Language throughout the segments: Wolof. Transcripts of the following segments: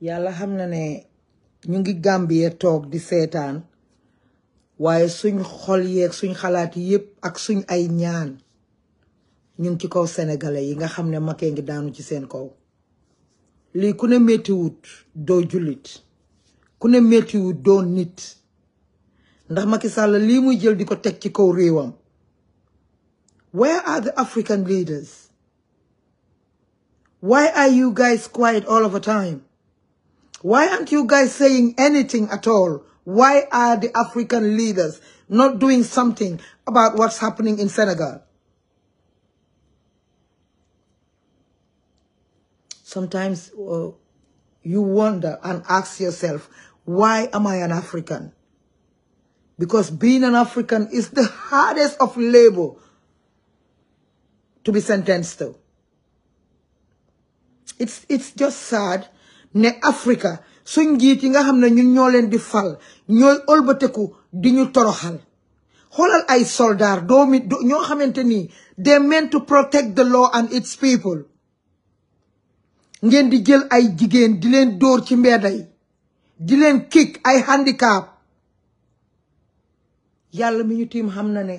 yàlla xam na ne ñu ngi Gambie toog di seetaan waaye suñ xol yeeg suñ xalaat yépp ak suñ ay ñaan ñu ngi ci kaw sénégalais yi nga xam ne makee ngi daanu ci seen kaw lii ku ne méttiwut doo jullit ku ne méttiwut doo nit ndax maki Sall lii muy jël di ko teg ci kaw réewam where are the African leaders why are you guys quiet all of the time Why aren't you guys saying anything at all? Why are the African leaders not doing something about what's happening in Senegal? Sometimes uh, you wonder and ask yourself, why am I an African? Because being an African is the hardest of labor to be sentenced to. It's, it's just sad ne africa suñ njiit yi nga xam ne ñu ñoo leen di fal ñooy ëlbateku di ñu toroxal xoolal ay soldaar doomi ñoo xamante ni they meant to protect the law and its people ngeen di jël ay jigéen di leen dóor ci mbedda yi di leen kick ay handicap yàlla mi ñu tiim xam na ne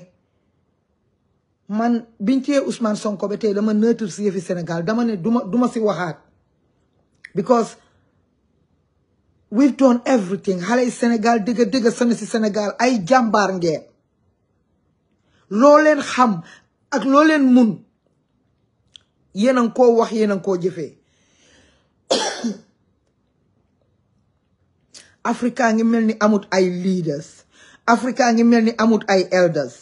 man biñ cee Ousmane Sonko ba tey dama neutre si yëfi Sénégal dama ne duma si waxaat we've done everything xale yi Sénégal dëgg dëgg sën si Sénégal ay jàmbaar ngeen loo leen xam ak loo leen mun yéen a ngi koo wax yéen a ngi koo jëfee Africa ngi mel ni amut ay leaders Africa ngi mel ni amut ay elders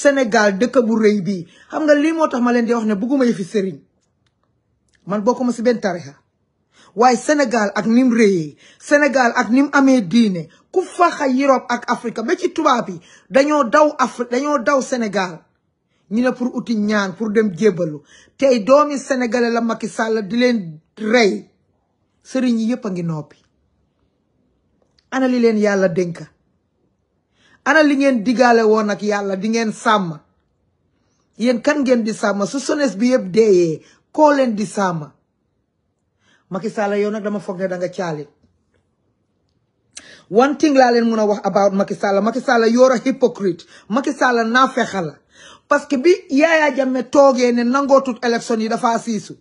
Sénégal dëkk bu rëy bii xam nga lii moo tax ma leen di wax ne bëgguma fi sëriñ man bokkuma si benn tarixa waaye Sénégal ak ni mu senegal ak ni amee diine ku faxa Europe ak Afrique ba ci tubaab yi dañoo daw Afrique dañoo daw senegal ñu ne pour uti ñaan pour dem jébbalu tey doomi sénégalais la Macky Sall di leen rey sëriñ yi yëpp a ngi noppi ana li leen yàlla dénka ana li ngeen digaale woon ak yàlla di ngeen sàmma yéen kan ngeen di sàmm su sones bi yëpp deeyee koo leen di sàmm maki Sall yow dama foog ne da nga caali one thing laa leen mun a wax about Macky Sall maki Sall you're a hypocrite Macky Sall naa fexe parce que bi Yaya Jammeh toogee ne nangootut élection yi dafa siisu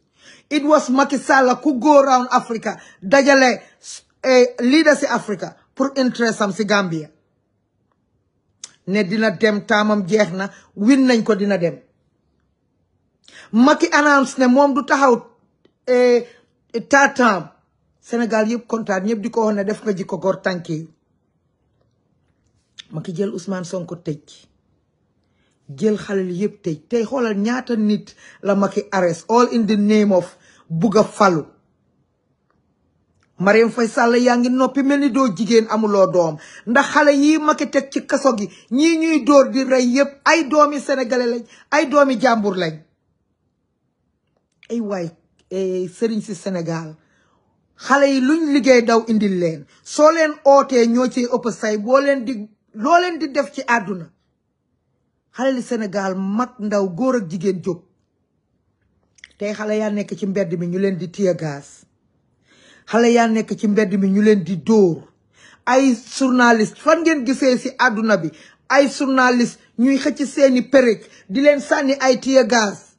it was Macky Sall ku go round Africa dajale eh, leader si Africa pour interest am si Gambia ne dina dem taamam jeex na win nañ ko dina dem maki announce ne moom du taxaw eh, taatam Sénégal yëpp kontaan ñëpp di ko wax ne def nga jikko gor tànk maki ma ki jël Ousmane Sonko tëj jël xale li yëpp tëj tey xoolal ñaata nit la maki arrest all in the name of bugg a falu Mariam fay Sall yaa ngi noppi mel ni doo jigéen amuloo doom ndax xale yi Macky teg ci kaso gi ñii ñuy dóor di rey yëpp ay doomi sénégalais lañ ay doomi jàmbur lañ ay waay Eh, sëriñ si Sénégal xale yi lu liggéey daw indi leen soo leen ootee ñoo ci ëpp say boo leen di loo leen di def ci àdduna xale li Sénégal mag ndaw góor ak jigéen jóg te xale yaa nekk ci mbedd mi ñu leen di tiya gaas xale yaa nekk ci mbedd mi ñu leen di dóor ay journaliste fan ngeen gisee ci àdduna bi ay journaliste ñuy xëcc seeni pérék di leen sànni ay tiya gaas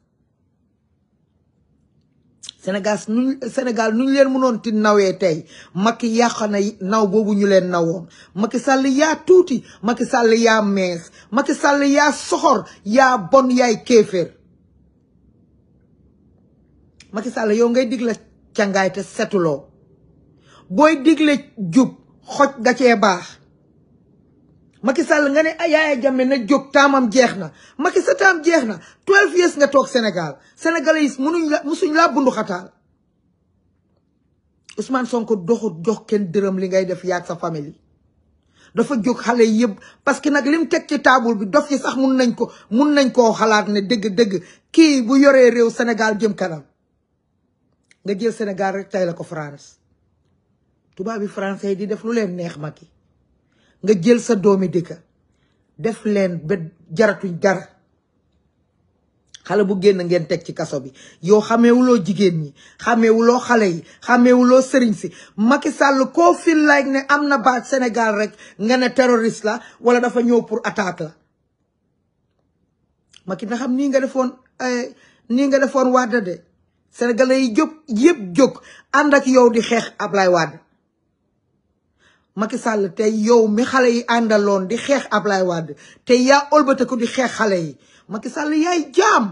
Sénégal nu Sénégal nu leen mënoon ti nawee tey Macky yàq na naw boobu ñu leen nawoon maki sàll yaa tuuti Macky Sall yaa mees Macky Sall yaa soxor yaa bon yaay kéeféer maki sàll yow ngay digle cangaay te setuloo booy digle jub xoj da cee baax Macky Sall nga ne ah, Yaya Jammeh na jóg taamam jeex na Macky sa taam jeex na 12 years nga toog Sénégal sénégalais yi mënuñ la musuñ laa bundu xataal Ousmane doxut jox kenn dërëm li ngay def yaag sa famille dafa jóg xale yëpp parce que nag lim teg ci taabul bi dof yi sax mun nañ ko mun nañ koo xalaat ne dëgg-dëgg kii bu yoree réew Sénégal jëm kanam nga jël Sénégal rek tay la ko France tubaab bi français di def lu leen neex Macky nga jël sa doomi dëkka def leen ba jaratuñ jara xale bu génn ngeen teg ci kaso bi yoo xamewuloo jigéen ñi xameewuloo xale yi xameewuloo sëriñ si Macky sàll ko fil like ne am na baat Sénégal rek nga ne terroriste la wala dafa ñëw pour attaque la Macky na xam nii nga defoon eh, nii nga defoon Wade de Sénégalais yi jóg yëpp jóg ànd yow di xeex Ablaye Wade Macky Sall tey yow mi xale yi àndaloon di xeex Ablaye Wade te yaa ëlbatiku di xeex xale yi Macky yay yaay jaam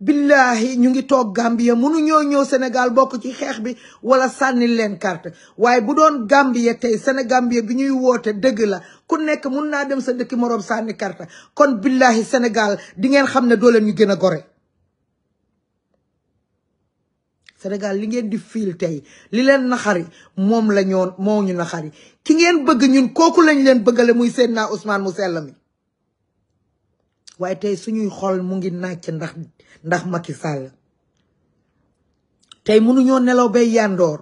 billahi ñu ngi toog Gambia mënuñoo ñëw Sénégal bokk ci xeex bi wala sànni leen carte waaye bu doon Gambia tey Sénégambia bi ñuy woote dëgg la ku nekk mun naa dem sa dëkki moroom sànni kart kon billahi senegal di ngeen xam ne doo leen ñu gën a gore Sénégal li ngeen di fiil tey li leen naxari moom la ñoon moo ñu naxari ki ngeen bëgg ñun kooku lañ leen bëggale muy seen naa Ousmane mu sell mi waaye tey suñuy xol mu ngi nàcc ndax ndax Macky Sall tey mënuñoo nelaw bay yàndoor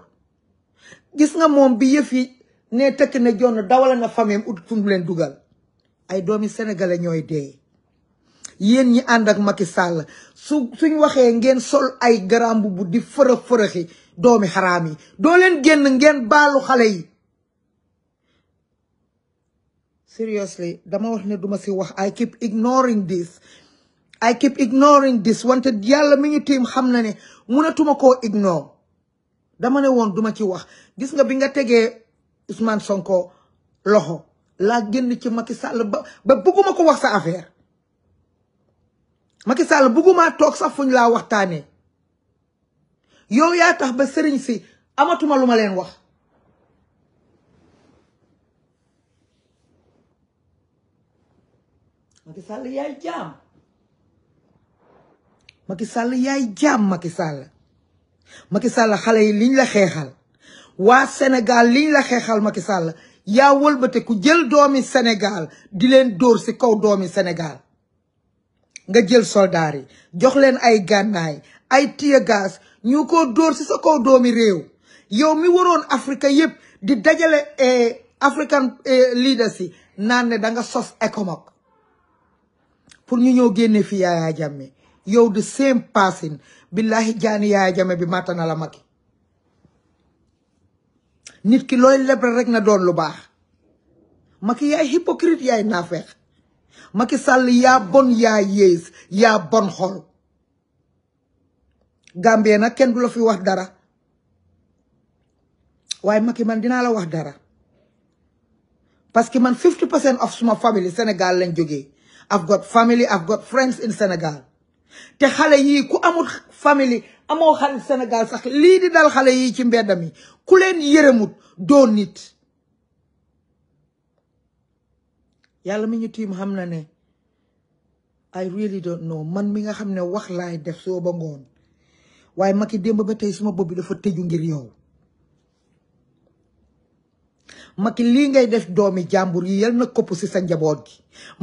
gis nga moom bi yëf yi ne tëkk ne jonn dawala na fameem ut fu leen dugal ay doomi sénégalais ñooy dee Yen ñi and ak Macky Sall suñ ngeen sol ay garam bu di fere xi doomi harami yi doo leen génn ngeen balu xalé yi seriously dama wax ne duma ci wax I keep ignoring this I keep ignoring this Wanted yalla mi ñu tim xam na ne munatuma ko ignore dama ne won duma ci wax gis nga bi nga tege Ousmane Sonko loxo la genn ci Macky Sall ba bëgguma ko wax sa affaire Macky Sall bëgguma toog sax fu ñu laa waxtaanee yow yaa tax ba sëriñ si amatuma lu ma leen wax Macky Sall yaay jaam Macky Sall yaay jaam Macky Sall Macky xale yi liñ la xeexal waa Sénégal liñ la xeexal Macky Sall yaa wëlbate ku jël doomi senegaal di leen dóor ci kaw doomi senegaal nga jël soldaari jox leen ay gànnaay ay tiye gaz ñu ko dóor ci sa doomi réew yow mi waroon Afrique yëpp di dajale eh, African eh, leaders yi naan ne da sos ECOMOG pour ñu ñëw génne fi Yaya Jammeh yow di same passing billahi jaani Yaya Jammeh bi màtta na la nit ki looy lebre rek na doon lu baax Macky yaay hypocrite yaay naafeex maki Sall yaa bon yaa yées yaa bon xol Gambie kenn du la fi wax dara waaye Macky man dinaa la wax dara parce que man 50 percent of suma family Sénégal lañ jógee I've got family I've got friends in Sénégal te xale yii ku amul family amoo xale Sénégal sax lii di dal xale yii ci mbedd mi ku leen yërëmut doo nit yalla mi ñu tim xamna ne I really don't know man mi nga xamne wax lay def so ba ngoon waye maki demb ba tay suma bobu dafa teju ngir yow maki li ngay def doomi jàmbur yi yal na kopp ci sa njabot gi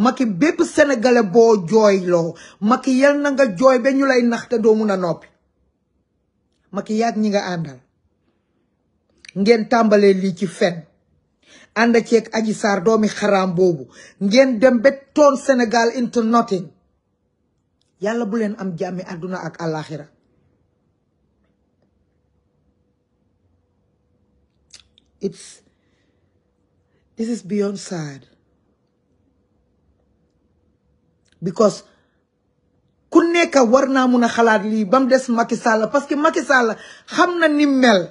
maki bepp sénégalais joy lo maki yal na nga joy be ñulay nax te doomu na nopi maki yaak ñi nga andal ngeen tambalé li ci fenn ànd the aji saar doomi xaraam bobu ngien dem bet toon Sénégal into nothing yàlla bu leen am jàmmi aduna ak àllaaxira it's this is beyond sad because ku nekk war naa mun xalaat lii ba mu des Macky Sall parce que Macky Sall ni mel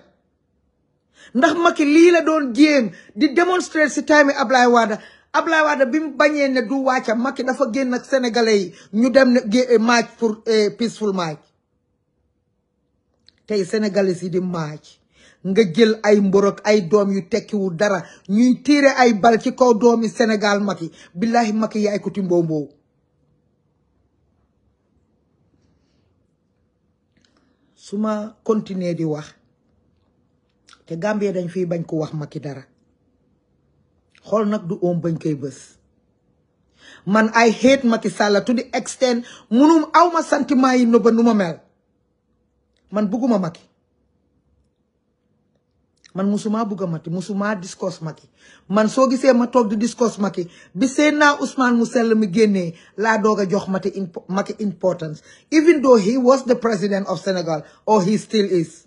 ndax makki lii la doon jéem di démontrer si time yi Ablaye Wade Ablaye bi mu bañee ne du wàcca Macky dafa génn ak sénégalais yi ñu dem ne eh, maaj pour eh, peaceful maaj tey sénégalais yi di maaj nga jël ay mborok ay doom yu tekkiwul dara ñuy tiire ay bal ci kaw doomi senegal Macky billahi Macky yaay ko ti su ma continuer di wax te Gambie dañ fi bañ ko wax maki dara xol nak du om bañ koy beus man I hate maki sala to the extent munum awma sentiment yi no ba numa mel man buguma maki. man musuma buga mati, musuma discourse maki. man so gisee ma tok di discourse maki bi Seydina Ousmane moussel mi genné la doga jox Macky importance even though he was the president of Senegal or he still is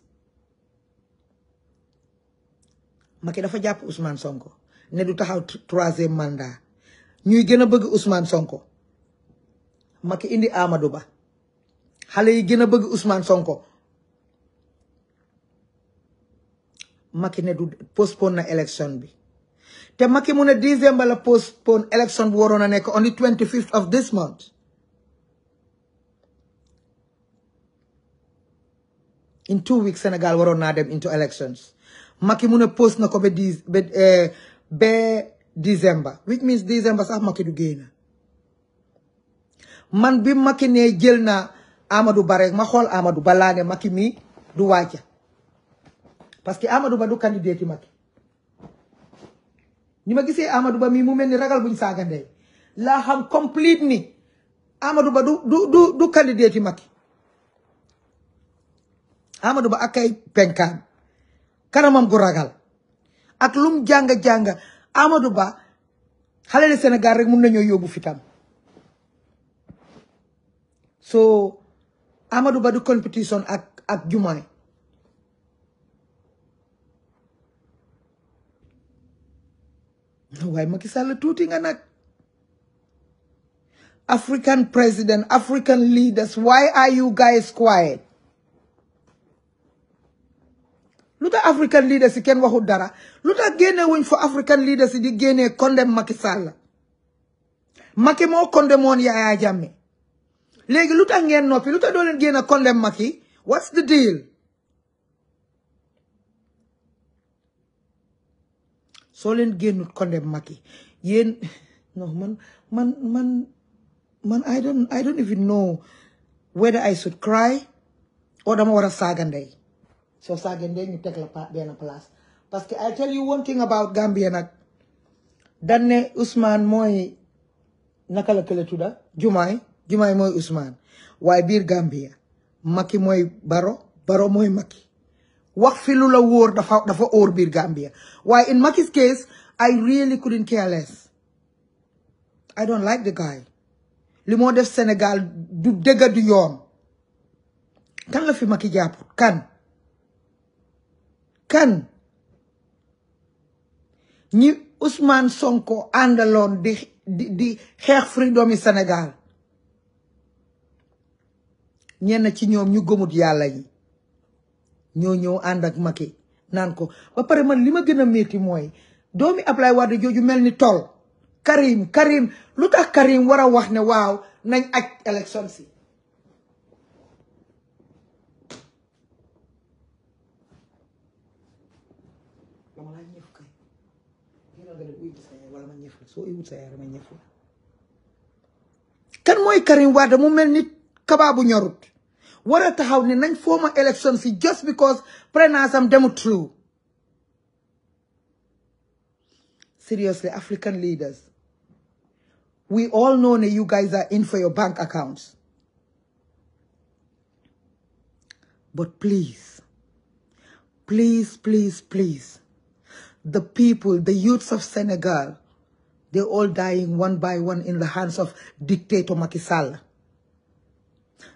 maki dafa jàpp Ousmane Sonko ne du taxaw troisième mandat ñuy gën a bëgg Ousmane Sonko maki indi Amadou Ba xale yi gën a bëgg Ousmane Sonko Macky ne du postpone na élection bi te Macky mu ne dixième bala la postpone élection bu waroon a nekk only twenty fifth of this month in two weeks senegal waroon naa dem into elections Macky mu ne post na ko ba dix ba eh, ba décembre which means décembre sax Macky du génn man bi Macky ne jël naa Amadou Ba rek ma xool Amadou Ba laa ne Macky mii du wàcca parce que Amadou Ba du candidat ci Macky ni ma gisee Amadou Ba mii mu mel ni ragal buñ saagandee laa xam complete ni Amadou Ba du du du du Amadou Ba ak penkaan kanamam gu ragal ak lum janga-janga. Amadou Ba xalé le Sénégal rek mën nañu yobou fitam so Amadou Ba du compétition ak ak Diomaye waaye Macky Sall touti nga nak African president African leaders why are you guys quiet Luta African leaders yi kenn waxul dara luta tax génne wuñ African leaders yi di génnee condemn Macky Sall Macky moo condamn woon Yaya Jammeh léegi lu tax ngeen noppi lu tax doo leen génne Macky what's the deal soo leen génnut condamn Macky yéen non man man man man I don't I don't even know whether I should cry or dama war a soo saageen de ñu teg la benn place parce que I tell you one thing about Gambia nag dañ ne mooy naka la kële tudda Jumaay mooy Ousmane waaye biir Gambia Macky mooy Baro Baro mooy Macky wax fi lu la dafa dafa biir Gambia waaye in Macky's case I really couldn't care less I don't like the guy li moo def senegal du dëgg du yoon kan la fi Macky jàpp kan kan ñi Ousmane Sonko àndaloon di di xeex freedom doomi Sénégal ñenn ci ñoom ñu gëmut yàlla yi ñoo ñëw ànd ak Macky naan ko ba pare man li ma gën a métti mooy doomi Ablaye Wade jooju mel ni tool Karim Karim lu tax Karim war a wax ne waaw nañ ak élection si Ramalan Yifka. You're not going to read this Ramalan Yifka. So he kan mooy Karim Wade mu mel ni ñorut war taxaw ne nañ fooma élection si just because prenasam am true. seriously African leaders we all know that you guys are in for your bank accounts but please please please please the people, the youths of Senegal, they're all dying one by one in the hands of dictator Macky Sall.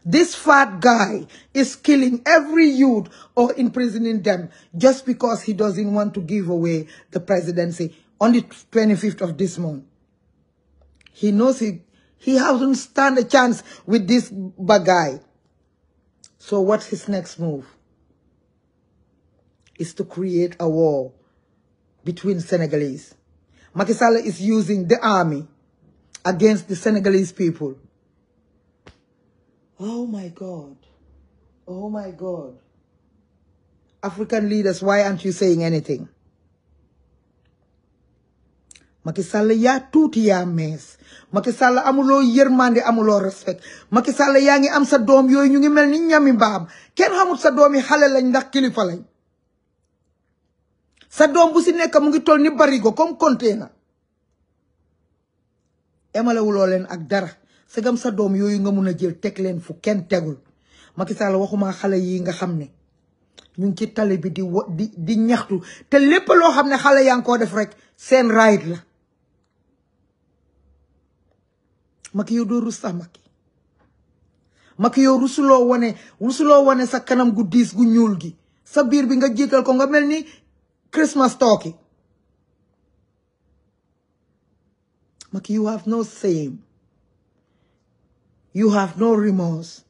This fat guy is killing every youth or imprisoning them just because he doesn't want to give away the presidency on the 25th of this month. He knows he, he hasn't stand a chance with this bad guy. So what's his next move? Is to create a war between Senegalese. Macky Sall is using the army against the Senegalese people. Oh my God. Oh my God. African leaders, why aren't you saying anything? Macky Sall yaa tuuti yaa mees Macky Sall amuloo yërmande amuloo respect Macky Sall yaa ngi am sa doom yooyu ñu ngi mel ni ñami mbaam kenn xamul sa xale lañ ndax kilifa lañ sa doom bu si nekk mu ngi toll ni barigo comme container emalewuloo leen ak dara sëgam sa doom yooyu nga mun a jël teg leen fu tegul Macky Sall waxuma yi nga xam ñu ci tali bi di wo di di ñaxtu te lépp loo xam ne xale yaa def rek seen right la Macky yow doo rus sax Macky Macky sa kanam gu diis gu ñuul gi sa bi nga ko nga ni Christmas talking, Maki, you have no shame. You have no remorse.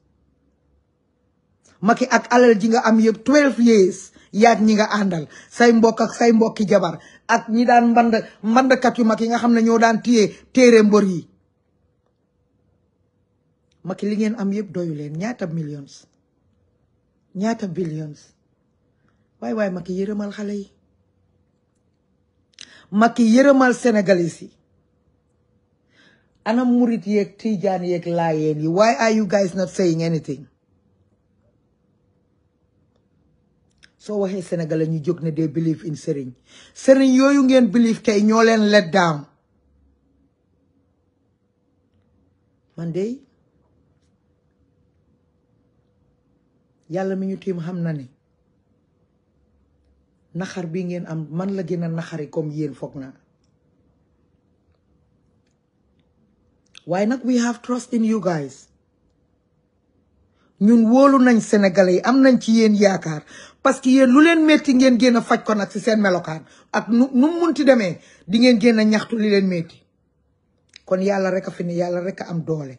Maki ak alal ji nga am yeb 12 years yaag ñi nga andal say mbokk ak say mbokki jabar ak ñi daan mband kat yu maki nga xamne ne ñoo daan tiyé téré mbor yi maki li ngeen am yeb doyu leen ñaata millions ñaata billions way way maki yeureumal xalé yi Macky yërëmal Sénégalais yi ana murit yeeg tiijaan yeeg laayeen yi why are you guys not saying anything soo waxee sénégalais ñu jóg ne they believe in sëriñ sëriñ yooyu ngeen believe kay ñoo leen let down man de yàlla mi ñu tiim xam na ni naxar bi ngeen am man la gën a naxari comme yéen foog naa waaye nag we have trust in you guys ñun wóolu nañ sénégalais yi am nañ ci yéen yaakaar parce que yéen lu leen metti ngeen génn a faj ko nag ci seen melokaan ak nu nu munti demee di ngeen génn a ñaxtu li leen metti kon yàlla rek a yàlla rek am doole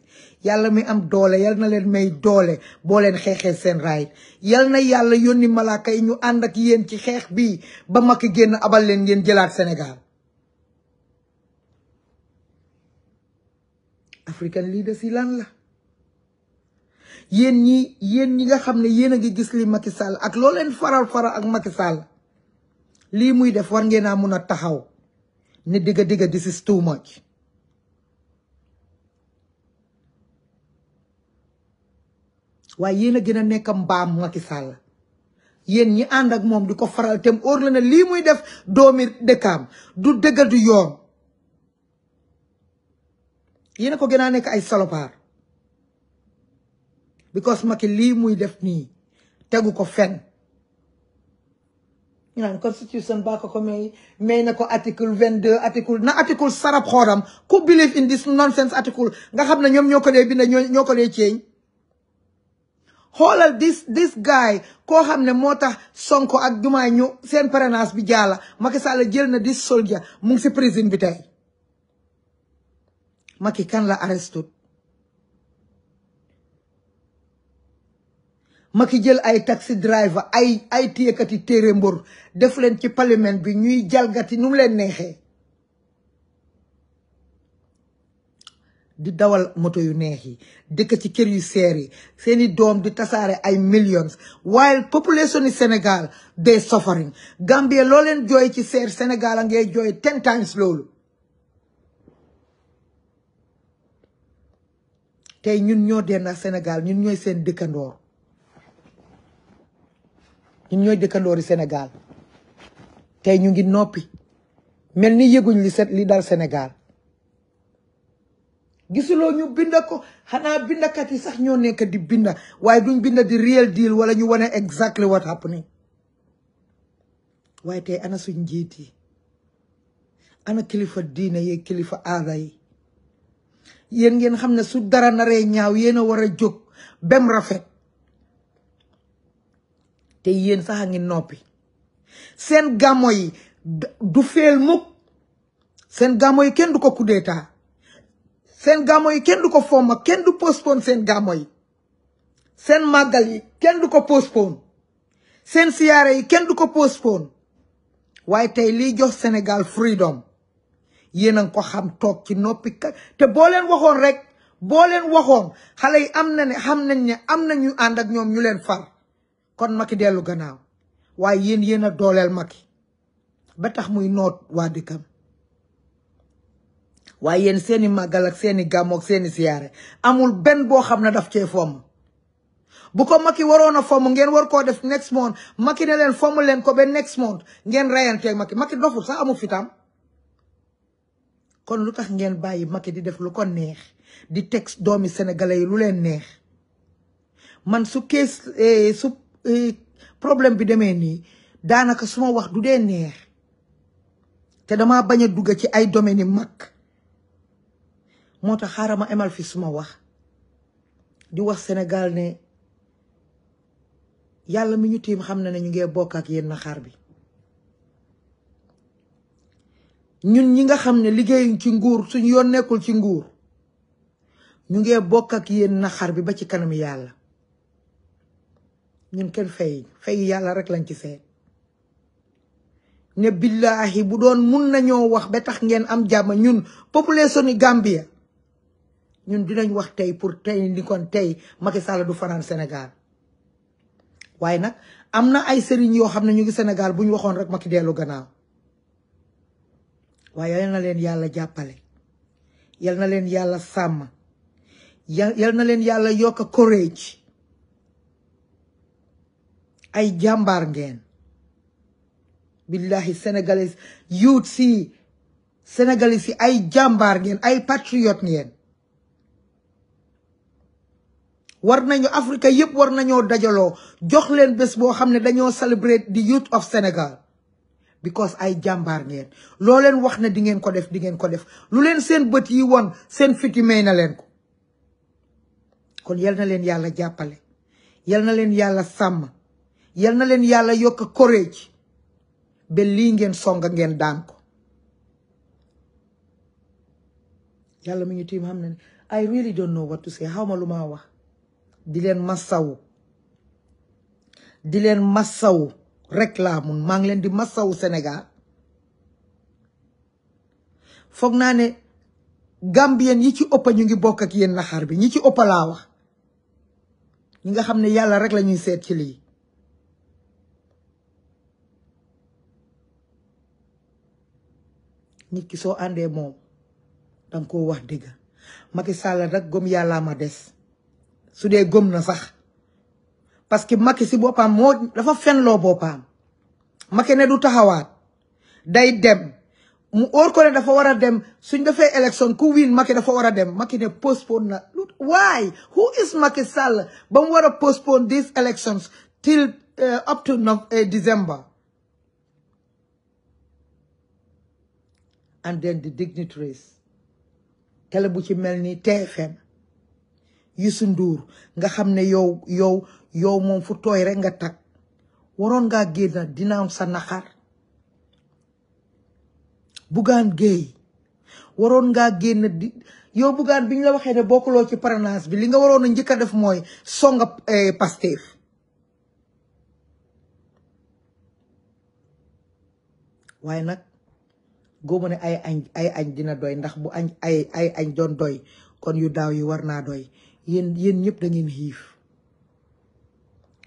yàlla mi am doole yal na leen may doole boo leen xeexee seen raayit yal na yàlla yónni malaaka kay ñu ànd ak yéen ci xeex bi ba Macky génn abal leen ngeen jëlaat Sénégal African leaders yi lan la yéen ñi yéen ñi nga xam ne yéen a ngi gis li Macky Sall ak looleen leen faral faral ak Macky Sall lii muy def war ngeen a mun a taxaw ne digga digga this is waaye yéen a gën a nekk mbaam makki Sall yéen ñi ànd ak moom di ko faral tem óor na ne lii muy def doomi dëkkaam du dëgga du yoon yéen ko gën a nekk ay salopaar because Macky lii muy def nii tegu ko fen ñu naan constitution baa ko ko may may na ko article 22 article na article sarab xooram ku believe in this nonsense article nga xam ne ñoom ñoo ko dee bind ñoo ko dee ceeñ xoolal dis this guy koo xam ne moo tax Sonko ak Diomaye ñu seen parrainage bi jaala Macky Sall jël na dis soldier mu ngi si prison bi tey Macky kan la arresté maki jël ay taxi driver ay ay téyekati téere mbor def leen ci parlement bi ñuy jalgati nu mu leen neexee di dawal moto yu neex yi dëkk ci kër yu seer yi seeni doom di tasaare ay millions while population yi Sénégal day suffering Gambie loo leen jooy ci seer Sénégal a ngay jooy ten times loolu tey ñun ñoo dend ak ñun ñooy seen dëkkandoor ñun ñooy dëkkandoori Sénégal tey ñu ngi noppi mel ni yëguñ li set li dal Sénégal gisuloo ñu bind ko xanaa bindkat yi sax ñoo nekk di binda waaye duñ binda di real deal wala ñu wane exactly what happening waaye tey ana suñ njiit yi ana kilifa diine yi kilifa aada yi yéen ngeen xam ne su dara naree ñaaw yéen a war a jóg bem rafet te yéen sax a ngi noppi seen gàmmo yi du feel mukk seen gàmmo yi kenn du ko kudeta seen gàmmo yi kenn du ko fomm kenn du postpone seen gàmmo seen màggal kenn du ko postpone seen siyaare yi kenn du ko postpone waaye tey liy jox Sénégal freedom yéen a ko xam toog ci noppi ka te boo leen waxoon rek boo leen waxoon xale yi am na ne xam nañ am na ñu ànd ak ñoom ñu leen far kon maki dellu gannaaw waaye yéen yéen a dooleel Macky ba tax muy noot waa dëkkam waaye yéen seeni màggal ak seeni gàmmook seeni siyaare amul benn boo xam ne daf cee fomm bu ko Macky waroon a fomm ngeen war koo def next month Macky ne leen fomm leen ko ba next month ngeen reyanteeg Macky Macky doful sax amul fitam kon lu tax ngeen bàyyi Macky di def lu ko neex di teg doomi sénégalais yi lu leen neex man su kees eh, su eh, problème bi demee nii daanaka suma wax du dee neex te dama bañ a dugg ci ay domaine yi mag mota xarama ma emal fi suma wax di wax senegal ne yalla mi ñu tim xam na ne ñu ngee bokk ak yeen naxar bi ñun ñi nga xam ne liggéeyuñ ci nguur suñu yoon ci nguur ñu ngee bokk ak yeen naxar bi ba ci kanam yalla ñun kenn fay fay yalla rek lañ ci seen ne billahi bu doon mën nañu wax ba tax ngeen am jamm ñun population Gambia ñun dinañ wax tey pour tey ni kon tey maki Sall du fanaan Sénégal waaye nag am na ay sëriñ yoo xam ne ñu ngi Sénégal bu ñu waxoon rek maki dellu gannaaw waaye yal na leen yàlla jàppale yal na leen yàlla sàmm yal na leen yàlla yokk courage ay jàmbaar ngeen billahi sénégalais youth si sénégalais si ay jàmbaar ngeen ay patriote ngeen war nañu Afrique yëpp war nañoo dajaloo jox leen bés boo xam ne dañoo celebrate di youth of Sénégal because ay jàmbaar ngeen looleen wax ne di ngeen ko def di ngeen ko def lu leen seen bët yi woon seen fiti may na leen ko kon yal na leen yàlla jàppale yal na leen yàlla sàmm yal na leen yàlla yokk courage ba lii ngeen songa ngeen daan ko yàlla mu ñu tiim xam ne I really don't know what to say xaw ma lu ma wax di leen massawu di leen massawu rek laa mun maa ngi leen di massawu senegaal foog naa ne Gambien yi ci ëpp ñu ngi bokk ak yéen naxaar bi ñi ci ëpp laa wax ñi nga xam ne yàlla rek la ñuy seet ci lii nit ki soo àndee moom danga koo wax dëgg Macky Sall rek gom yàllaa ma des su dee gëm na sax parce que Macky si boppam moo dafa fenloo lo Macky ne du taxawaat day dem mu óor ko ne dafa wara dem suñ defee élection ku win Macky dafa war dem Macky ne postpone na why who is Macky Sall ba mu postpone these elections till uh, up to uh, December and then the dignitaries télé bu ci TFM Youssou Ndour nga xam ne yow yow yow moom fu tooy rek nga tag waroon ngaa génn dina am sa naxar Bougane Gueye waroon ngaa génn di yow Bougane bi ñu la waxee ne bokkuloo ci parrainage bi li nga waroon a njëkk a def mooy songa eh, Pastef waaye nag góobu ne ay añ dina doy ndax bu añ ay ay añ doon doy kon yu daaw yi war naa doy yéen yéen ñëpp da ngeen xiif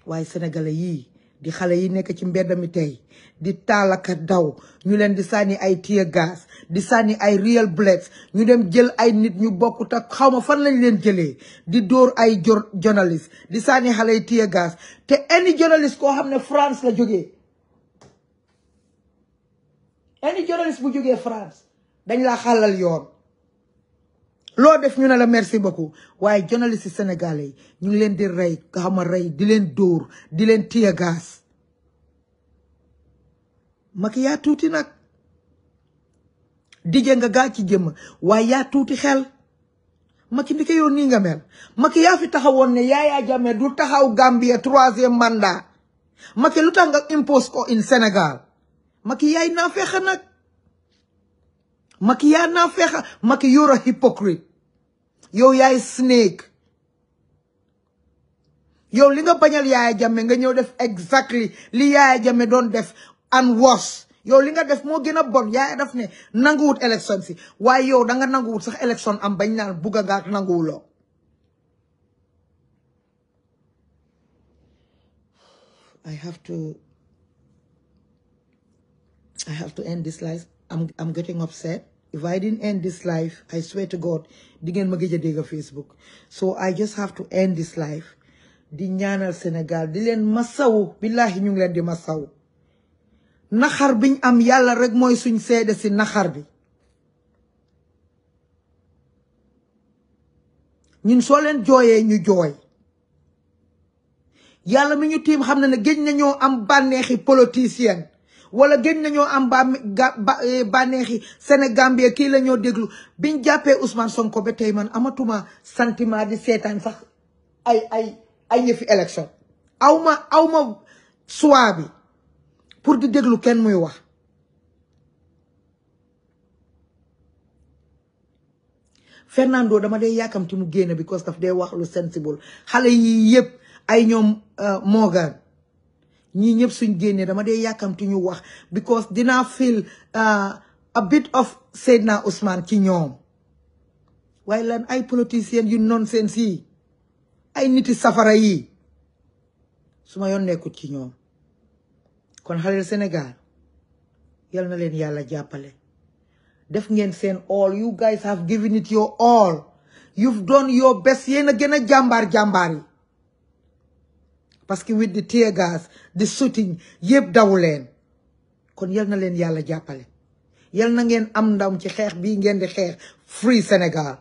waaye sénégalais yii di xale yi nekk ci mbedd mi tey di taalaka daw ñu leen di sànni ay tear gas di sànni ay real bullets ñu dem jël ay nit ñu bokkut ak xawma fan lañ leen jëlee di dóor ay journaliste di sànni xale yi tear gas te any journaliste koo xam ne France la jóge any journaliste bu jógee France dañ laa xàllal yoon loo def ñu ne la merci beaucoup waaye journaliste sénégalais yi ñu ngi leen di rey nga xam rey di leen dóor di leen tiye gaz Macky yaa tuuti nag dije nga gaa ci jëmm waaye yaa tuuti xel Macky ndike yow nii nga mel Macky yaa fi taxawoon ne Yaya Jammeh du taxaw Gambie troisième mandat Macky lu tax impose ko in Sénégal Macky yaay naa fexe nag Macky yaa naa hypocrite yow yaay snake Yo, linga nga bañal Yaya Jammeh nga ñëw def exactly li Yaya Jammeh def and worse Yo, linga def moo gën a bon Yaya daf ne nanguwut élection si Why yo danga nanguwut sax élection am bañ buga bugg a I have to I have to end this life. I'm I'm getting upset. if I didn't end this life God di ngeen ma gëj a dégg Facebook so I just have to end this life di ñaanal Sénégal di leen ma masawu billahi ñu ngi leen di ma masawu naxar biñ am yàlla rek mooy suñ seede si naxar bi ñun soo leen jooyee ñu jooy yàlla mu ñu tiim xam na ne géej na ñoo am bànneexi politicien wala gën nañoo am ba e, bànneexi Sénégambie kii lañoo déglu biñ jàppee Ousmane Sonko ba tey man amatuma sentiment di seetaan sax ay ay ay ñëfi élection awma awma choix pour di déglu kenn muy wax Fernando dama day yàkkamti mu génn because daf day wax lu sensible xale yi yépp ay ñoom euh, Morgan ñii ñëpp suñ génnee dama dee yàkkamtu ñu wax because dina feel uh, a bit of Seydina Ousmane ci ñoom waaye lan ay politiciens yu nonsense yi ay niti safara yi su ma yoon nekkut ci ñoom kon xaleel senegal yal na leen yàlla jàppale def ngeen seen all you guys have given it your all you've done your best yéen a gën a jàmbaar jàmbaar yi parce que with the tear gas the shooting yep, dawu kon yal na leen yàlla jàppale yal na ngeen am ndam ci xeex bii ngeen di xeex free Sénégal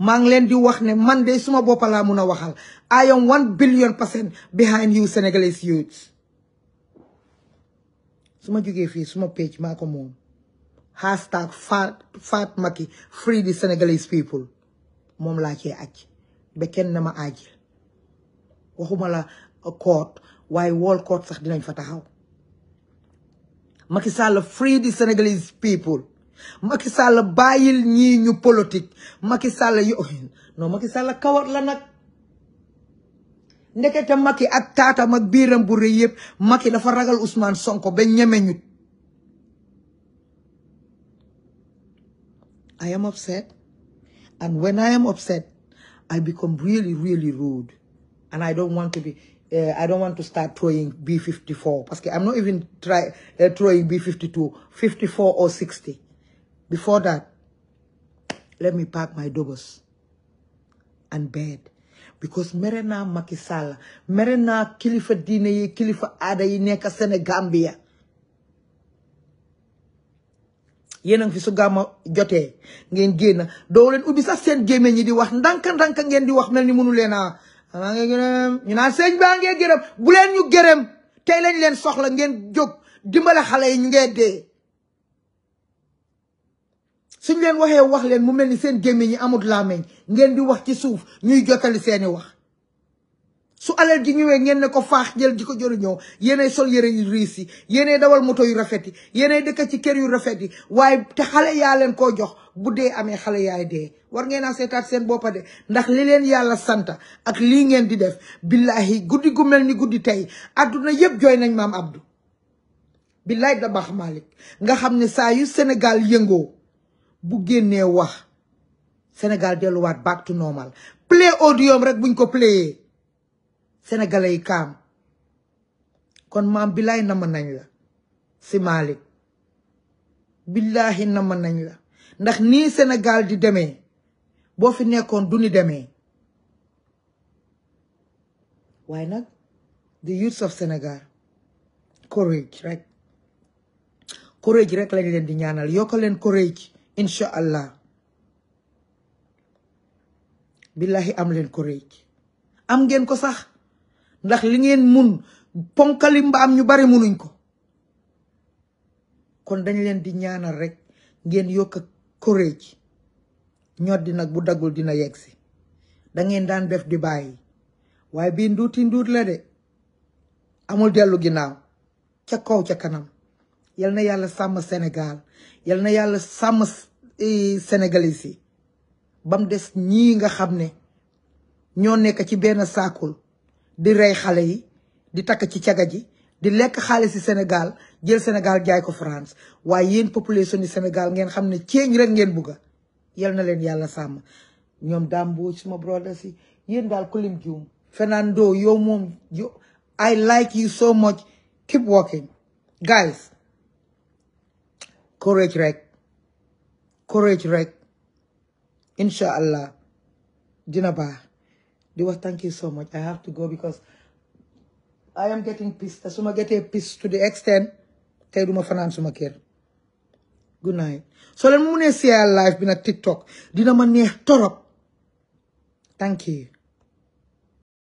Mang ngi di wax ne man de suma bopp laa mun a waxal I am one billion percent behind you Senegalese youths Suma ma fi. suma page maa mom. hashtag fat fat maki. free the Senegalese people Mom la cee aj Be ken na ma aaj waxuma la court waaye wall court sax dinañ fa taxaw Macky Sall free the Senegalese people Macky Sall bàyyil ñii ñu politique Macky Sall yo non Macky Sall kawat la nag ndekete Macky ak taatam ak biiram bu rëy yëpp Macky dafa ragal Ousmane Sonko ba ñemeñut I am upset and when I am upset I become really really rude and I don't want to be Uh, I don't want to start throwing B54 parce que am not even try uh, throwing B52, 54 or 60. Before that, let me pack my doubles and bed because mere naa Macky Sall mere naa kilifa diine yi kilifa aada yi nekk Sénégambia yéen a ngi fi su gàmma jotee ngeen génn doo leen ubbi seen gémmiñ ñi di wax ndànk ndànk ngeen di wax mel ni mënu leen a maa ngi gërëm ñu naan baa ngee gërëm bu leen ñu gërëm tey lañ leen soxla ngeen jóg dimbale xale yi ñu ngee dee suñ leen waxee wax leen mu mel ni seen gémmiñ ñi amut làmmiñ ngeen di wax ci suuf ñuy jottali seeni wax su alal ji ñëwee ngeen ne ko faax jël di ko jëriñoo yéenay sol yére yu riis yi yéenay dawal moto yu rafet yi yéenay dëkk ci kër yu rafet yi waaye te xale yaa leen koo jox bu dee amee xale yaay dee war ngeen a seetaat seen boppa de ndax li leen yàlla santa ak lii ngeen di def billahi guddi gu mel ni guddi tey àdduna yëpp jooy nañ maam Abdou billahi da baax Malick nga xam ne saa yu Sénégal yëngoo bu génnee wax senegal delluwaat back to normal play audio rek buñ ko playee sénégalais yi kaam kon maam billaay nama nañ la si Malick billaahi nama nañ la ndax nii Sénégal di demee boo fi nekkoon du ni demee waaye nag the youths of Sénégal courage rek courage rek lañ leen di ñaanal yokk leen courage incha allah billahi am leen courage am ngeen ko sax ndax li ngeen mun ponkali mbaam ñu bari munuñ ko kon dañ leen di ñaanal rek ngeen yokk ak courage ñod di nag bu daggul dina yegg si dangeen daan def di bàyyi waaye bii nduuti nduut la de amul dellu ginnaaw ca kaw ca kanam yal na yàlla sàmm Sénégal yal na yàlla sàmm e, sénégalais yi ba des ñii nga xam ne ñoo nekk ci benn saakul di rey xale yi di takk ci caga ji di lekk xaalis si Sénégal jël Sénégal jaay ko France waaye yéen population du Sénégal ngeen xam ne ceeñ rek ngeen bugga yal na leen yàlla sàmm ñoom dambo suma brother si yéen daal kulim juum Fernando yow moom yo I like you so much keep working guys courage rek courage rek incha allah dina baax di wax thank you so much I have to go because I am getting pissed te su ma getee pissed to the extent tey duma fanaan suma kër good night soo leen mu ne see live bi nag TikTok dina ma neex torop thank you